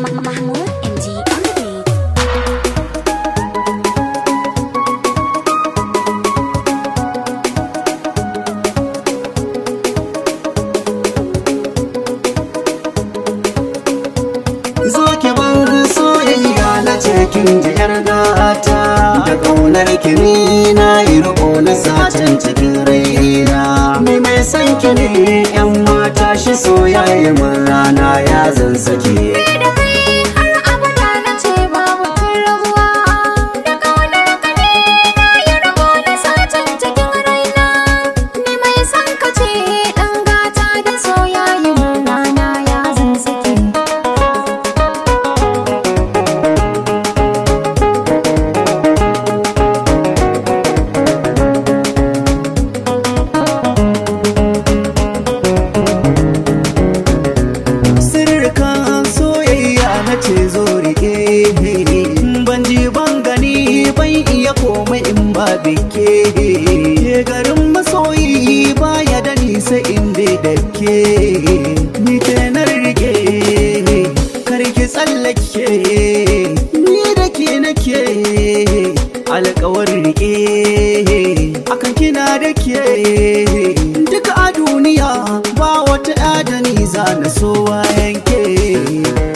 Mahmoud ban on the beat. Zo ki bar soyayya na da ƙaunar kini na irko na satin cikin raina. Mai mai son 'yan mata shi soyayya mun rana ya zan sake. masoyi bai iya komai in ba bike ke garin masoyi ya da nisa in da ke ni kenan rike karki tsallake ni da ke nake alkawar rike akan kina da ke duka a duniya ba wata adani za na so yanke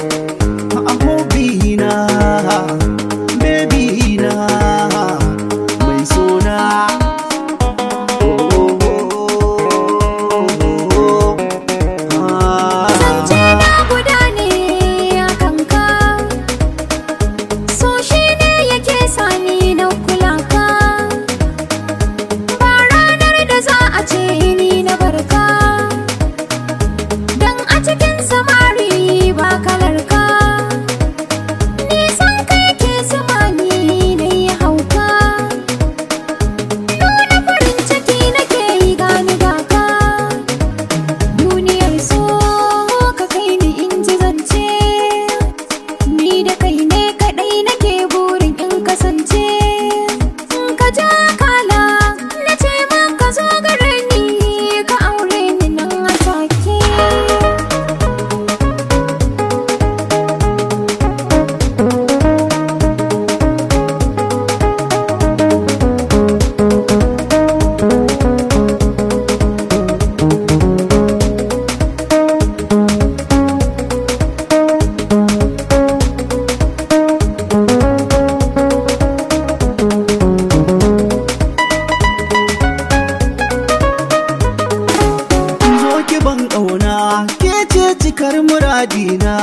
cikar muradina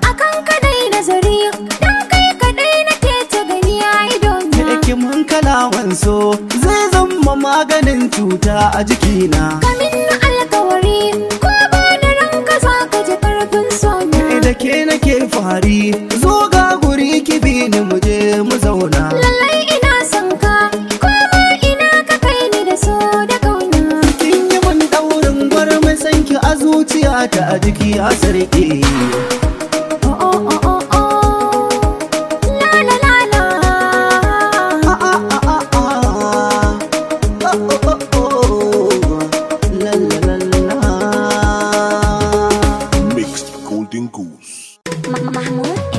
akan kadai nazari don kai kadai nake ta gani a idona hikimin kalawan so zai zama maganin cuta a jikina kamin alkawari ko ba da ranka za ka ji karfin sona da ke nake fari zo ga guri kibi ni mu mu zauna lallai Mixed ta a jiki ya sarki Mahmoud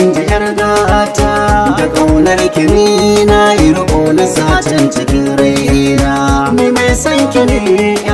in ji da ƙaunar kini na yi riƙo na satan cikin raina mai son kini